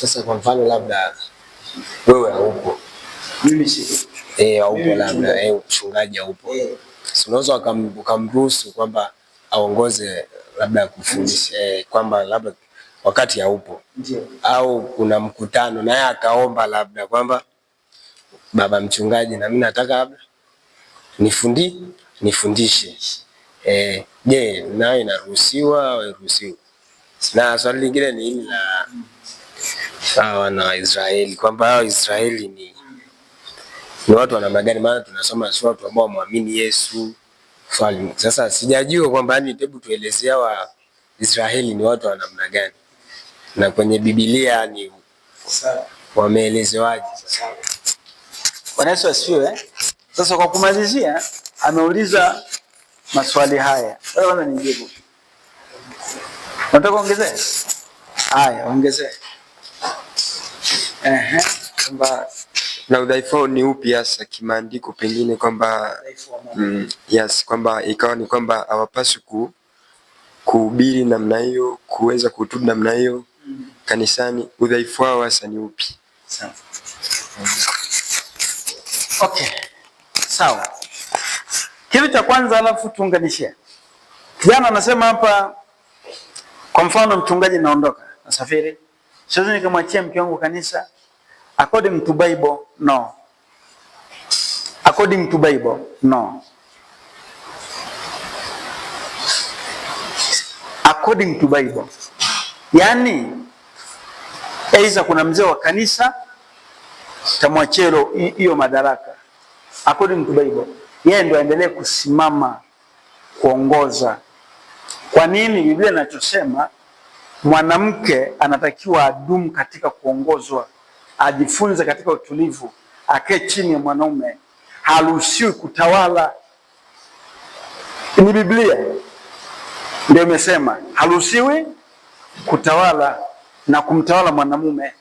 Sasa kwa mfano labda wewe haupo, mimi eh, haupo labda eh, mchungaji haupo, si unaweza ukamruhusu kwamba aongoze labda kufundisha eh, kwamba labda wakati haupo, au kuna mkutano naye akaomba labda kwamba baba mchungaji, na mimi nataka labda nifundi nifundishe. Eh, je, nayo inaruhusiwa au hairuhusiwi? Na swali lingine ni hili la hawa na Israeli kwamba hao Israeli ni, ni watu wana magari, maana tunasoma si watu ambao wamwamini Yesu falme. Sasa sijajua kwamba yani, hebu tuelezea wa Israeli ni watu wa namna gani na kwenye Biblia ni wameelezewaje? Bwana Yesu asifiwe. Eh? Sasa kwa kumalizia, ameuliza maswali haya. wewe wana nijibu. Nataka ongezea. Haya, ongezea. Ehe, kwamba na udhaifu wao ni upi hasa kimaandiko, pengine kwamba mm, yes, kwamba ikawa ni kwamba hawapaswi ku kuhubiri namna hiyo, kuweza kutubu namna hiyo mm, kanisani. Udhaifu wao hasa ni upi? Sawa. Okay. Sawa. Kitu cha kwanza alafu tuunganishia. Kijana anasema hapa, kwa mfano mchungaji naondoka, nasafiri siwezi nikamwachia mke wangu kanisa. According to Bible, no. According to Bible, no. According to Bible. Yaani aidha kuna mzee wa kanisa tamwachero hiyo madaraka. According to Bible, yeye ndio aendelee kusimama kuongoza. Kwa nini Biblia inachosema mwanamke anatakiwa adumu katika kuongozwa, ajifunze katika utulivu, akae chini ya mwanaume, haruhusiwi kutawala. Ni Biblia ndio imesema haruhusiwi kutawala na kumtawala mwanamume.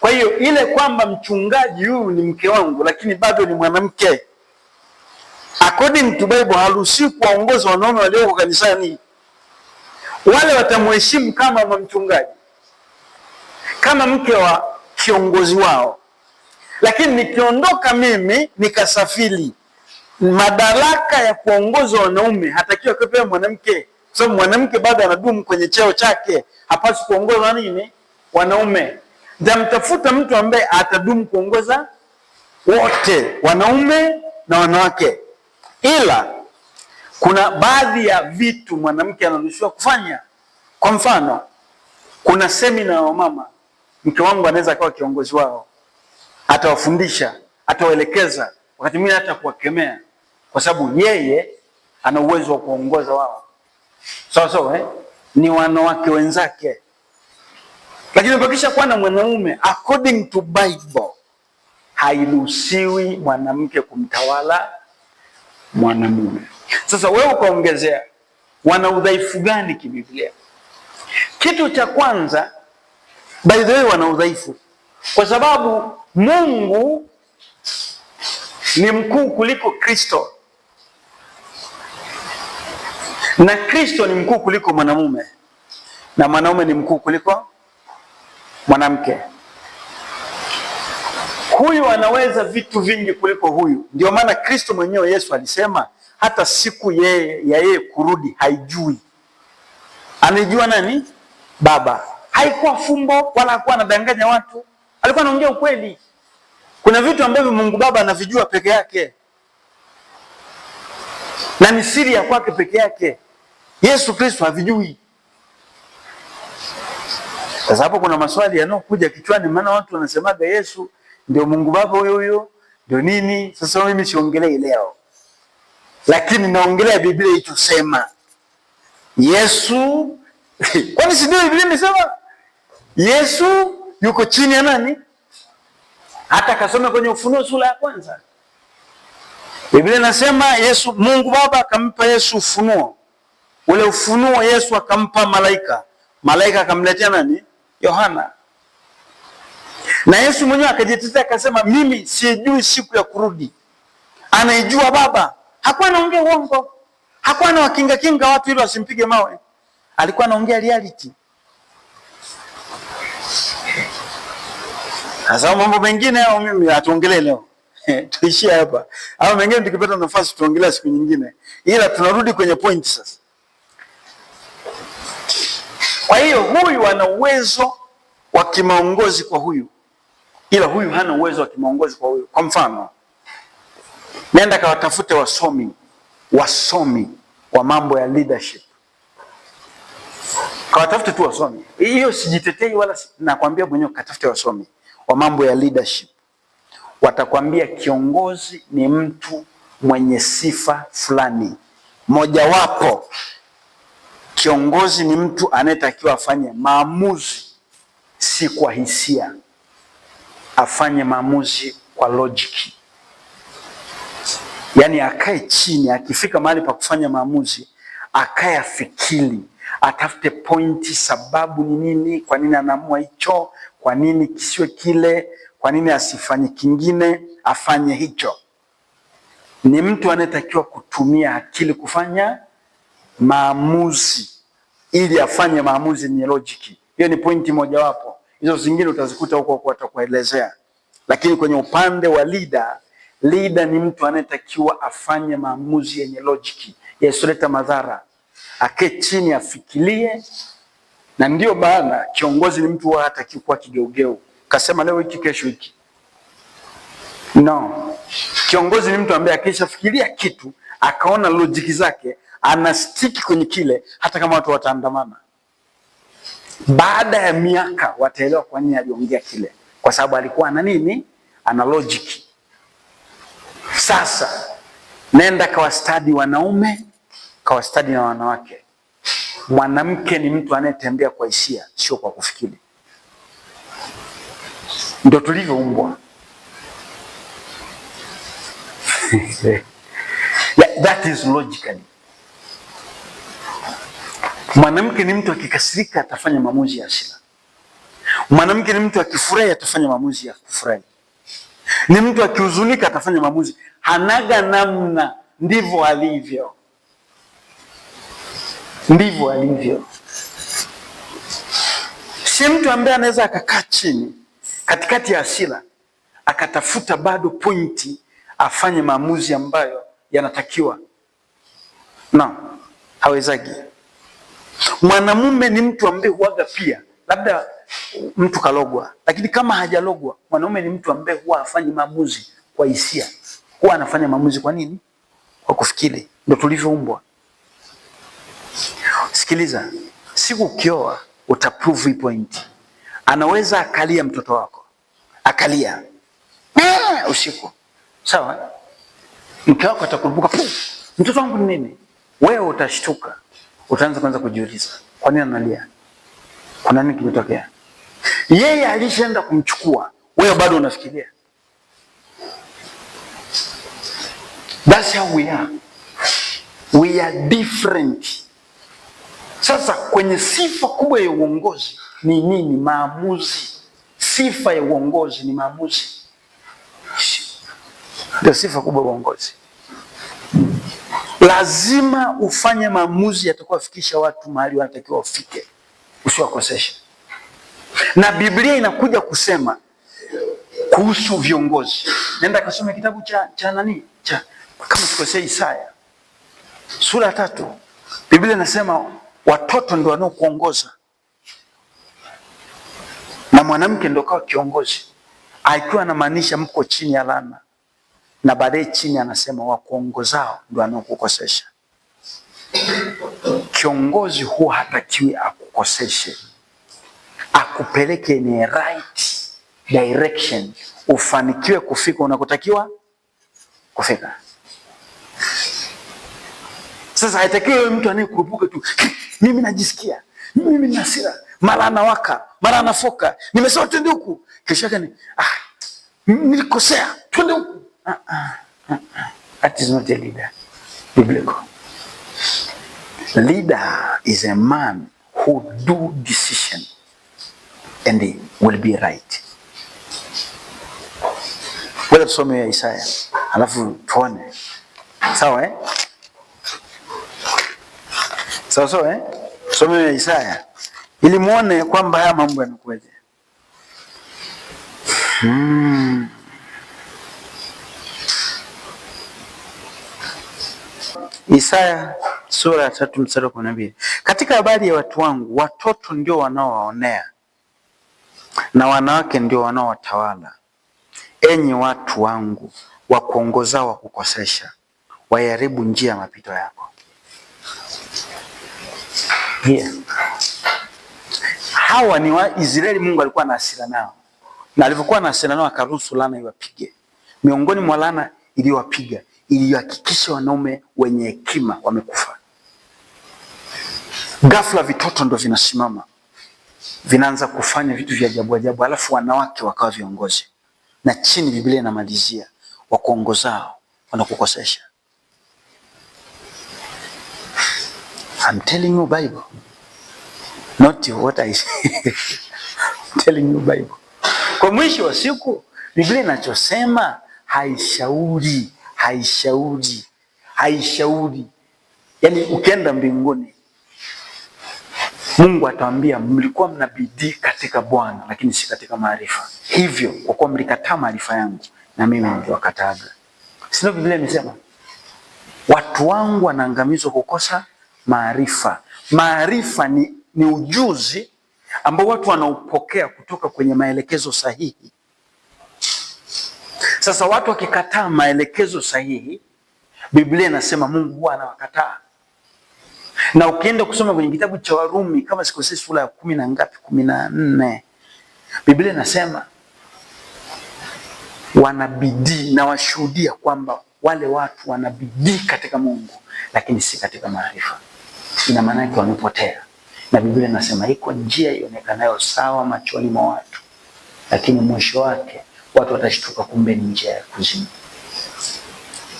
Kwa hiyo ile kwamba mchungaji huyu ni mke wangu, lakini bado ni mwanamke, according to Bible haruhusiwi kuwaongoza wanaume walioko kanisani wale watamheshimu kama mamchungaji kama mke wa kiongozi wao. Lakini nikiondoka mimi nikasafiri, madaraka ya kuongoza wanaume hatakiwa kupewa mwanamke, kwa sababu mwanamke bado anadumu kwenye cheo chake, hapaswi kuongoza nini wanaume. ntamtafuta mtu ambaye atadumu kuongoza wote, wanaume na wanawake, ila kuna baadhi ya vitu mwanamke anaruhusiwa kufanya. Kwa mfano, kuna semina ya wamama, mke wangu anaweza akawa kiongozi wao, atawafundisha, atawaelekeza, wakati mwingine hata kuwakemea, kwa sababu yeye ana uwezo wa kuongoza wao, sawa sawa, eh? ni wanawake wenzake, lakini pakisha kuwa na mwanaume according to Bible hairuhusiwi mwanamke kumtawala mwanamume. Sasa wewe ukaongezea, wana udhaifu gani kibiblia? Kitu cha kwanza, by the way, wana udhaifu kwa sababu Mungu ni mkuu kuliko Kristo na Kristo ni mkuu kuliko mwanamume na mwanaume ni mkuu kuliko mwanamke. Huyu anaweza vitu vingi kuliko huyu. Ndio maana Kristo mwenyewe Yesu alisema hata siku yeye ya yeye kurudi haijui. Anaijua nani? Baba. Haikuwa fumbo wala hakuwa anadanganya watu, alikuwa anaongea ukweli. Kuna vitu ambavyo Mungu Baba anavijua peke yake na ni siri ya kwake peke yake. Yesu Kristo havijui. Sasa hapo kuna maswali yanayokuja kichwani, maana watu wanasemaga Yesu ndio Mungu Baba huyo huyo ndio nini. Sasa mimi siongelei leo lakini naongelea Biblia ichosema Yesu. Kwani si ndio Biblia imesema Yesu yuko chini ya nani? Hata kasome kwenye Ufunuo sura ya kwanza, Biblia inasema Yesu, Mungu Baba akampa Yesu ufunuo. Ule ufunuo Yesu akampa malaika, malaika akamletea nani? Yohana. Na Yesu mwenyewe akajitetea akasema, mimi sijui siku ya kurudi, anaijua Baba Hakuwa anaongea uongo, hakuwa anawakinga kinga watu ili wasimpige mawe, alikuwa anaongea reality. Sasa mambo mengine au mimi hatuongelee leo tuishie hapa, au mengine tukipata nafasi tuongelee siku nyingine, ila tunarudi kwenye point sasa. Kwa hiyo huyu ana uwezo wa kimaongozi kwa huyu, ila huyu hana uwezo wa kimaongozi kwa huyu. Kwa mfano Nenda kawatafute wasomi, wasomi wa mambo ya leadership, kawatafute tu wasomi. Hiyo sijitetei wala nakwambia mwenyewe, katafute wasomi wa mambo ya leadership. Watakwambia kiongozi ni mtu mwenye sifa fulani mojawapo. Kiongozi ni mtu anayetakiwa afanye maamuzi si kwa hisia, afanye maamuzi kwa lojiki yani akae chini, akifika mahali pa kufanya maamuzi akae afikiri, atafute pointi, sababu ni nini, kwa nini anaamua hicho, kwa nini kisiwe kile, kwa nini asifanye kingine, afanye hicho. Ni mtu anayetakiwa kutumia akili kufanya maamuzi ili afanye maamuzi yenye logic. Hiyo ni pointi mojawapo, hizo zingine utazikuta huko huko, atakuelezea. Lakini kwenye upande wa leader Leader ni mtu anayetakiwa afanye maamuzi yenye logic yasioleta madhara, akae chini afikirie. Na ndio maana kiongozi ni mtu hatakiwi kuwa kigeugeu, kasema leo hiki kesho hiki. No, kiongozi ni mtu ambaye akishafikiria kitu akaona logic zake anastiki kwenye kile, hata kama watu wataandamana. Baada ya miaka wataelewa kwa nini aliongea kile, kwa sababu alikuwa ana nini, ana logic. Sasa nenda kawastadi wanaume, kawastadi na wanawake. Mwanamke ni mtu anayetembea kwa hisia, sio kwa kufikiri. Ndio tulivyoumbwa. Yeah, that is logically. Mwanamke ni mtu akikasirika atafanya maamuzi ya hasira. Mwanamke ni mtu akifurahi atafanya maamuzi ya kufurahi. Ni mtu akihuzunika atafanya maamuzi, hanaga namna, ndivyo alivyo, ndivyo alivyo. Si mtu ambaye anaweza akakaa chini katikati ya hasira akatafuta bado pointi afanye maamuzi ambayo yanatakiwa na hawezagi. Mwanamume ni mtu ambaye huaga pia labda mtu kalogwa, lakini kama hajalogwa, mwanaume ni mtu ambaye huwa hafanyi maamuzi kwa hisia, huwa anafanya maamuzi kwa nini? Kwa kufikiri. Ndio tulivyoumbwa. Sikiliza, siku ukioa utaprove hii point. Anaweza akalia mtoto wako akalia eh, usiku, sawa? Mke wako atakumbuka, mtoto wangu ni nini? Wewe utashtuka, utaanza kwanza kujiuliza, kwa nini analia? Kuna nini kimetokea? Yeye alishaenda kumchukua, wewe bado unafikiria. That's how we are. We are different. Sasa kwenye sifa kubwa ya uongozi ni nini? Maamuzi. Sifa ya uongozi ni maamuzi, ndio sifa kubwa ya uongozi. Lazima ufanye maamuzi yatakayofikisha watu mahali wanatakiwa wafike usiwakoseshe. Na Biblia inakuja kusema kuhusu viongozi, nenda kasome kitabu cha, cha nani cha kama sikosea, Isaya sura ya tatu. Biblia inasema watoto ndio wanaokuongoza na mwanamke ndio kawa kiongozi, akiwa anamaanisha mko chini ya laana, na baadaye chini anasema wakuongozao ndo anaokukosesha Kiongozi huwa hatakiwi akukoseshe, akupeleke in right direction, ufanikiwe kufika unakotakiwa kufika. Sasa haitakiwi mtu anayekurupuka tu, mimi najisikia mimi na hasira, mara anawaka, mara anafoka, nimesema twende huku, kesho yake ni ah, nilikosea, twende huku. Ah, ah, ah, ah. That is not a leader. Biblical. Leader is a man who do decision and they will be right. Wewe tusome ya Isaya alafu tuone sawa eh? sawa sawa eh? Tusome ya Isaya ili muone kwamba haya mambo yanakuwaje. Hmm. Isaya sura ya tatu mstari wa kumi na mbili. Katika habari ya watu wangu, watoto ndio wanaowaonea na wanawake ndio wanaowatawala. Enyi watu wangu, wakuongozao kukosesha waiharibu njia ya mapito yako. Yeah. Hawa ni Israeli, Mungu alikuwa na hasira nao, na alivyokuwa na hasira nao akaruhusu laana iwapige. Miongoni mwa laana iliyowapiga ilihakikisha wanaume wenye hekima wamekufa. Ghafla vitoto ndo vinasimama vinaanza kufanya vitu vya ajabu ajabu, alafu wanawake wakawa viongozi, na chini Biblia inamalizia wakuongozao wanakukosesha. I'm telling you Bible. Not what I say. I'm telling you Bible. Kwa mwisho wa siku Biblia inachosema haishauri, haishauri, haishauri. Yaani ukienda mbinguni Mungu atawaambia mlikuwa mna bidii katika Bwana, lakini si katika maarifa. Hivyo kwa kuwa mlikataa maarifa yangu, na mimi niliwakataaga. Sio Biblia imesema watu wangu wanaangamizwa kukosa maarifa. Maarifa ni, ni ujuzi ambao watu wanaupokea kutoka kwenye maelekezo sahihi. Sasa watu wakikataa maelekezo sahihi, Biblia inasema Mungu huwa anawakataa. Na ukienda kusoma kwenye kitabu cha Warumi kama sikosei, sura ya kumi na ngapi, kumi na nne, Biblia inasema wanabidii na washuhudia kwamba wale watu wanabidii katika Mungu, lakini si katika maarifa. Ina maana yake wamepotea, na Biblia inasema iko njia ionekanayo sawa machoni mwa watu, lakini mwisho wake watu watashtuka, kumbe ni njia ya kuzimu.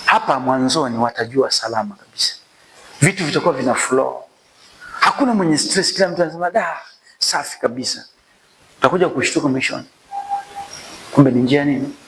Hapa mwanzoni watajua salama kabisa vitu vitakuwa vina flow, hakuna mwenye stress, kila mtu anasema da, safi kabisa. Utakuja kushtuka mwishoni, kumbe ni njia nini